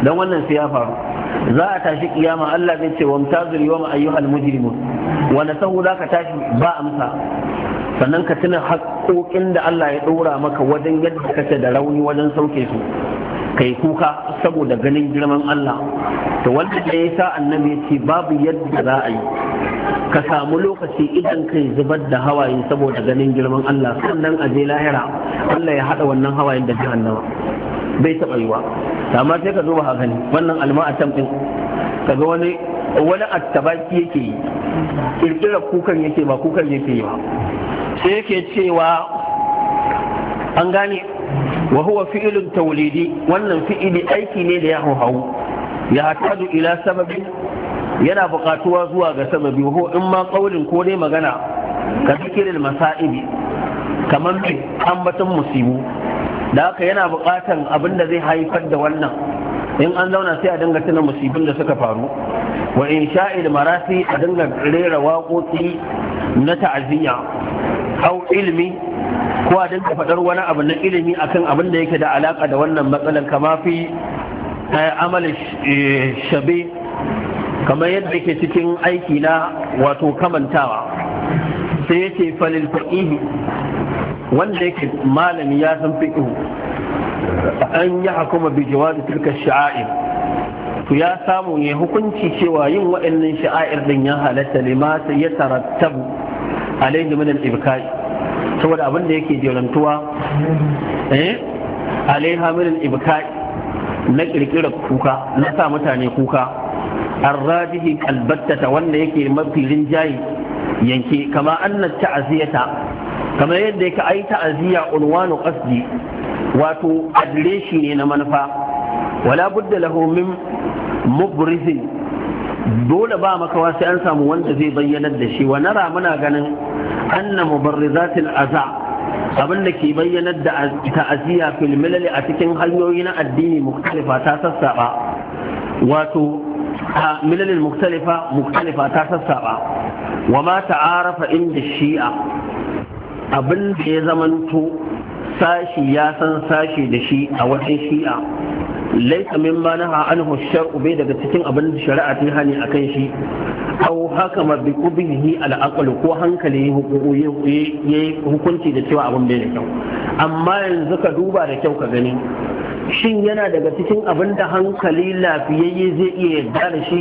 don wannan sai ya faru za a tashi kiyama Allah zai ce wamtazul yawma ayyuhal mujrimun wa sahu za ka tashi ba amsa sannan ka tuna haƙoƙin da Allah ya ɗora maka wajen yadda kake da rauni wajen sauke su kai kuka saboda ganin girman Allah to wanda da ya sa annabi ya ce babu yadda za a yi ka samu lokaci idan kai zubar da hawaye saboda ganin girman Allah sannan a je lahira Allah ya haɗa wannan hawayen da jahannama bai taɓa yiwa amma sai ka duba haka ne wannan a din ka ga wani wani attabaki yake yi kirkira kukan yake ba kukan yake yi ba sai yake cewa an gane Wahuwa huwa fi'ilun wannan fi'ili aiki ne da ya hau ya hatadu ila sababi yana buƙatuwa zuwa ga sababi ho in ma ƙaunin ko dai magana ka zikirin masa'ibi kamar mai ambaton musibu da haka yana buƙatan abin da zai haifar da wannan in an zauna sai a dinga tuna musibin da suka faru wa in sha'il marasi a dinga rera waƙoƙi na ta'aziyya au ilmi ko a dinka faɗar wani abu na ilimi akan abin da yake da alaƙa da wannan matsalan kama fi eh, amal eh, shabe kamar yadda ke cikin aiki na wato kamantawa sai ya ce falil fa'ihi wanda yake malami ya san fi'ihu an yi hakuma bi jawabi tilka sha'air to ya samu ne hukunci cewa yin waɗannan sha'air din ya halatta lima ya tarattabu alaihi min al-ibkai saboda abin da yake jerantuwa eh alaiha ibkai na kirkira kuka na sa mutane kuka arrajihi albattata wanda yake mafi rinjayi yanke kama anna ta'ziyata kamar yadda yake ai ta'ziya unwanu qasdi wato adireshi ne na manufa wala budda lahu min mubrizin dole ba makawa sai an samu wanda zai bayyanar da shi wa nara muna ganin anna mubarrizatil aza abin da ke bayyanar da ta'aziyya fil a cikin hanyoyi na addini mukhtalifa ta sassaɓa wato a milalin mukhtalifa mukhtalifa ta sassaɓa wa ma ta'arafa inda shi'a abin da ya zamanto sashi ya san sashi da shi a wajen shi'a laisa ma naha anhu shar'u bai daga cikin abin da shari'a ta hani akan shi aw haka ma bi qubihi al aql ko hankali yayi hukunci da cewa abin bai da kyau amma yanzu ka duba da kyau ka gani shin yana daga cikin abin da hankali lafiyayye zai iya yarda da shi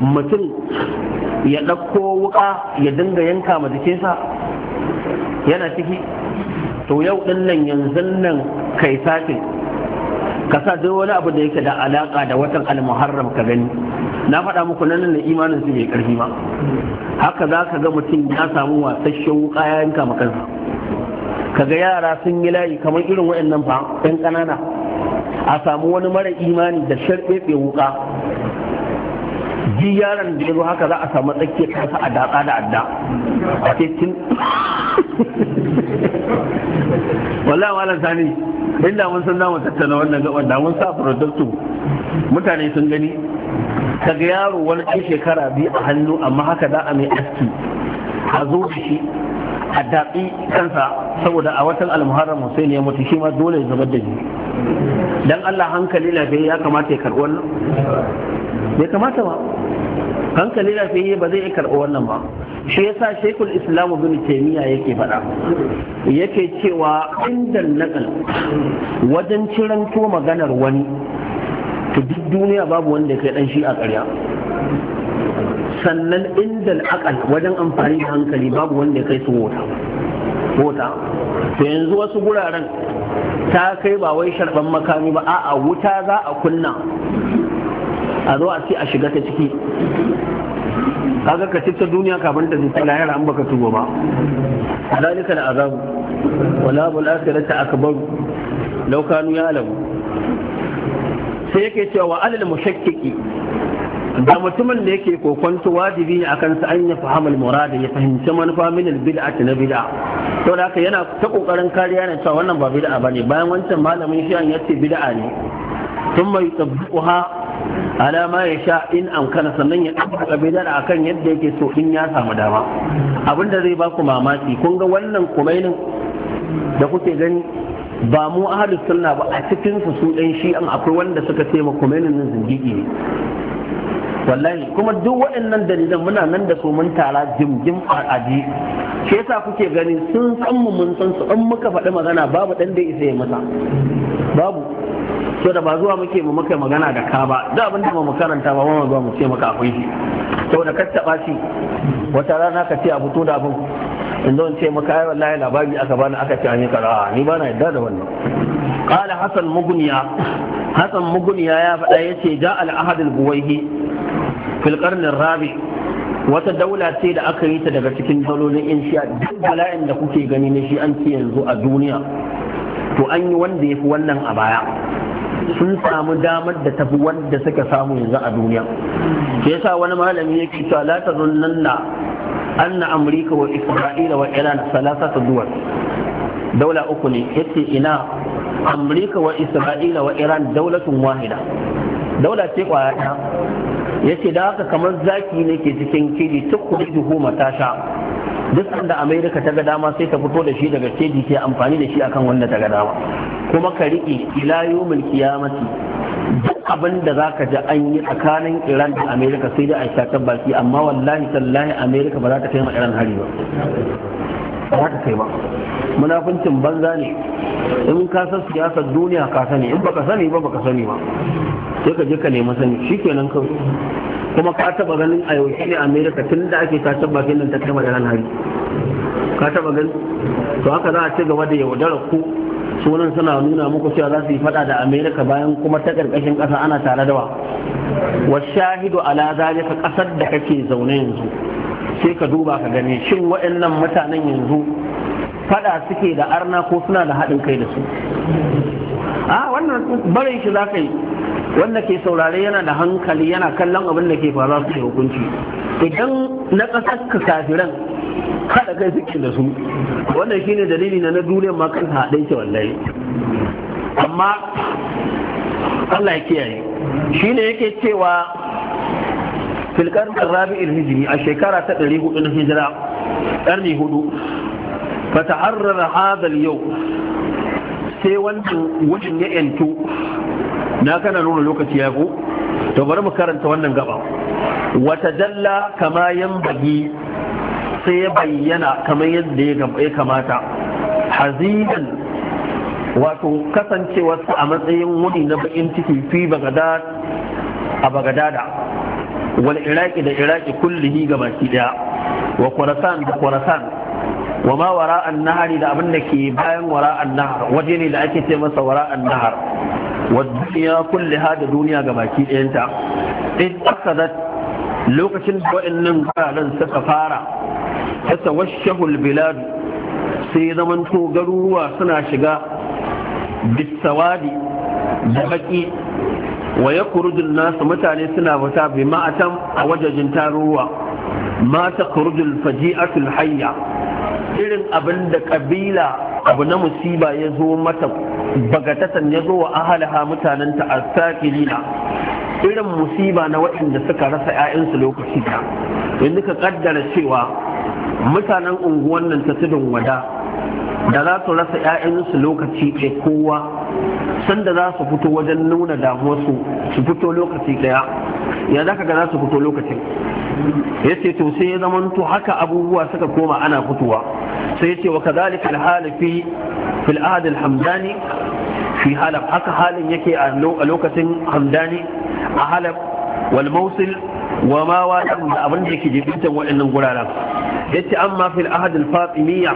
mutum ya ɗauko wuka ya dinga yanka ma jikinsa yana ciki to yau ɗin nan yanzu nan kai sakin ka sa zai wani abu da yake da alaka da watan al ka gani na faɗa muku nan ne imanin su bai karfi ba haka za ka ga mutum ya samu wasasshen wuka ya yanka Ka ga yara sun yi layi kamar irin waɗannan fa ɗan ƙanana a samu wani mara imani da sharɓeɓe wuka ji yaran da ya zo haka za a samu tsakiyar kansa a datsa da adda a cikin wallahi malam sani inda mun san zamu tattauna wannan gaban da mun sa product mutane sun gani ga yaro wani ɗan shekara biyu a hannu amma haka za a mai aski a zo da shi a daɓi kansa saboda a watan almuharram Hussein ya mutu shi ma dole ya zubar da jini dan Allah hankali lafiya ya kamata ya karɓi wannan bai kamata ba hankali da fiye ba zai karɓi wannan ba shi yasa shekul islamu bin taimiyya yake faɗa yake cewa inda nakal wajen to maganar wani to duk duniya babu wanda kai dan shi a ƙarya sannan inda aqal wajen amfani da hankali babu wanda kai su wota wota to yanzu wasu guraren ta kai ba wai sharban makami ba a'a wuta za a kunna a zo a ce a shiga ta ciki kaga ka ta duniya kafin ta ta lahira an baka tubo ba da azabu wala bul akhirata akbar law kanu ya'lamu sai yake cewa alal mushakki da mutumin da yake kokonto wajibi ne akan sa an ya fahimal murad ya fahimci manufa min al bid'ati na bid'a to da haka yana ta kokarin kariya ne cewa wannan ba bid'a bane bayan wancan malamin shi an yace bid'a ne ثم mai على ما يشاء ya sha in amkana sannan ya ɗabbaka bidar a yadda yake so in ya samu dama abinda zai baku mamaki kun ga wannan kumainin da kuke gani ba mu ahli sunna ba a cikin su su dan shi an akwai wanda suka ce ma kumainin nan zindigi ne wallahi kuma duk waɗannan dalilan muna nan da su mun tara jimjim a aji shi yasa kuke gani sun san mu mun san su in muka faɗi magana babu ɗan da isa ya masa babu so da ba zuwa muke mu muka magana da ka ba da abin da mu karanta ba mu zuwa mu ce maka akwai shi to da ba shi wata rana ka ce a fito da abin in zo ce maka ai wallahi labari aka bani aka ce an yi kara ni na yadda da wannan qala hasan mugniya hasan mugniya ya faɗa yace ja al ahad al buwayhi fil qarn al rabi wata daula ce da aka yi ta daga cikin dalolin inshiya duk bala'in da kuke gani ne shi an ce yanzu a duniya to an yi wanda ya fi wannan a baya sun samu damar da tafi wanda suka samu yanzu a duniya Ke yasa wani malami yake cewa la an na amurka wa isra'ila wa iran ta duwar daula uku ne yace ina amurka wa isra'ila wa iran daulatun wahida daula ce kwaya ɗaya yace da haka kamar zaki ne ke cikin kiji tukuriduhu matasha duk da amerika ta ga dama sai ta fito da shi daga keji ke amfani da shi akan wanda ta ga dama kuma ka riƙe ila yawmul duk abin da za ka ji an yi tsakanin iran da amerika sai da a shatar baki amma wallahi tallahi amerika ba za ta kai ma iran hari ba ba za ta kai ba munafincin banza ne in ka san siyasar duniya ka sani in baka sani ba baka sani ba sai ka je ka nemi sani shikenan kawai kuma ka taba ganin a yaushe ne amerika tun da ake ta bakin nan ta kai ma iran hari ka taba ganin to haka za a ci gaba da yaudarar ku sunan suna nuna muku cewa za su yi fada da amerika bayan kuma ta karkashin kasa ana tare da wa washahidu ala zalika kasar da kake zaune yanzu sai ka duba ka gani shin waɗannan mutanen yanzu fada suke da arna ko suna da haɗin kai da su a wannan barin shi za ka yi wanda ke saurare yana da hankali yana kallon abin da ke faruwa su hukunci idan na ƙasar ka kafiran haɗa kai suke da su wannan shine dalili na na duniyar ma kan haɗe wallahi amma Allah ya kiyaye shine yake cewa fil qarn rabi'il hijri a shekara ta 400 na hijira karni hudu فتحرر hadal yau, sai wannan wajen ya yantu na kana nuna lokaci ya go to bari mu karanta wannan gaba wata dalla kama yan bagi sai ya bayyana kamar yadda ya kamata hazinan wato kasancewarsa a matsayin wuni na bakin ciki fi bagadad a bagadada wal iraki da iraki kullihi ga baki daya wa kwarasan da kwarasan wa ma wara'an nahari da abin da ke bayan wara'an nahar waje ne da ake ce masa wara'an nahar wa duniya kulliha da duniya ga baki dayanta in akadat lokacin da wa'annan guraren suka fara ta washahul biladu sai zamanto garuruwa suna shiga bisawadi da baki wa ya kurujin nasu mutane suna fita bi ma'atan a wajajin taruwa mata kurudun faji'atul hayya irin abin da kabila abu na musiba ya zo mata bagatatan ya zo wa ahalaha mutanenta a irin musiba na waɗanda suka rasa 'ya'yansu lokaci ta yanzu ka kaddara cewa mutanen unguwan nan ta tudun wada da za su rasa 'ya'yansu lokaci ɗaya kowa sanda za su fito wajen nuna damuwarsu su fito lokaci ɗaya ya za ga za su fito lokacin ya ce to sai ya zamanto haka abubuwa suka koma ana fitowa sai ya ce wa kazalika alhali fil ahad Hamdani fi halab haka halin yake a lokacin hamdani a halab wal mawsil wa ma wa da abin da yake jibintan waɗannan guraren yace amma fil ahad al fatimiyya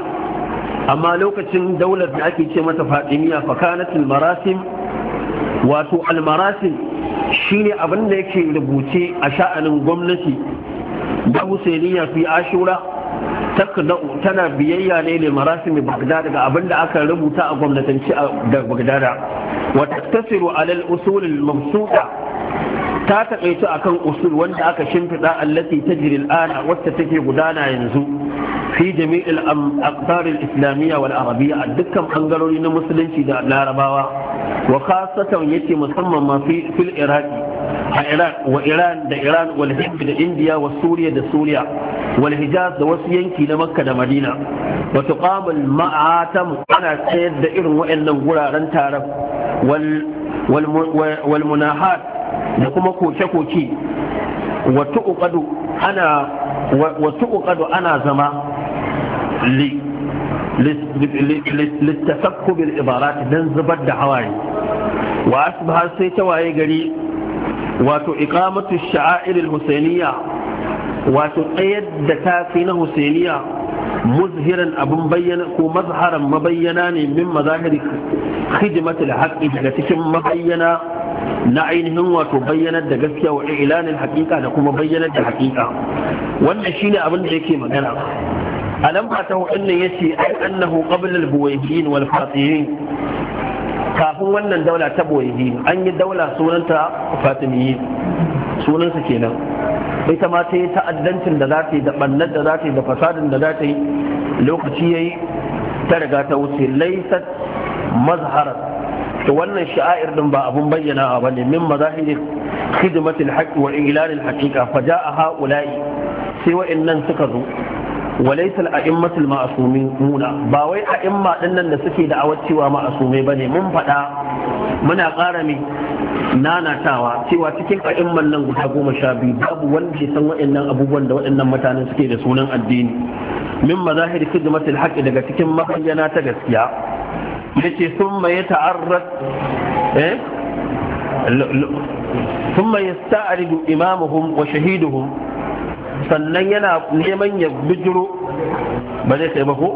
amma lokacin daular da ake ce mata fatimiyya fa kanat al marasim wato al marasim shine abin da yake rubuce a sha'anin gwamnati da husainiya fi ashura tana biyayya ne da marasimi bagdad ga abin da aka rubuta a gwamnatanci da bagdada wa taktasiru alal usulil mabsuda ta a kan usul wanda aka shimfiɗa allati tajri al'ana wacce take gudana yanzu fi jami'il aqdar islamiyya wal arabiyya a dukkan bangarori na musulunci da larabawa wa khasatan yace musamman ma fi fil a iraq wa iran da iran wal hind da indiya wa suriya da suriya wal hijaz da wasu yanki na makka da madina wa tuqam al ma'atam ana tsayar da irin waɗannan guraren taron wal wal munahat da kuma koke-koke wata uƙadu ana zama littasakku bil ibarat dan zubar da hawaye wa har sai ta waye gari wato iqamatu sha'air al wato tsayar da tafi na husainiya muzhiran abun bayyana ko mazharan mabayyana ne min mazahiri khidmatul haqqi daga cikin mabayyana na ainihin wato bayyanar da gaskiya wa ilanin hakika da kuma bayyanar da hakika Wanda shine abin da yake magana a lamba ta hudun ne yace ai annahu qabla al-buwayhin wal fatihin kafin wannan daula ta buwayhin an yi daula sunanta fatimiyyin sunansa kenan ita ma ta yi ta'addancin da za ta yi da bannar da za ta yi da fasadin da za ta yi lokaci yayi ta riga ta wuce laisat mazharat to wannan sha'air din ba abun bayyana ba ne min mazahirin khidmatil haqq wa ilalil haqiqa fa ja'a ha'ula'i sai wa'annan suka zo wa laysa al-a'immatul ma'sumin muna ba wai a'imma dinnan da suke da awaccewa ma'sume ne. mun fada muna ƙara mai nanatawa cewa cikin a'imman nan guda goma sha biyu da abu wanda ke san wa'annan abubuwan da wa'annan mutanen suke da sunan addini min mazahir khidmatil haqq daga cikin mabayyana ta gaskiya yace thumma yata'arrad eh thumma yasta'ridu wa shahiduhum sannan yana neman ya bijiro ba zai sai ba ko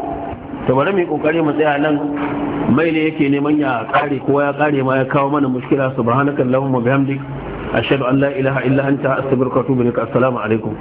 to bari mu kokari mu tsaya nan mai ne yake neman ya kare kowa ya kare ma ya kawo mana mushkila subhanaka allahumma bihamdik ashhadu an la ilaha illa anta astaghfiruka wa atubu ilaik assalamu alaikum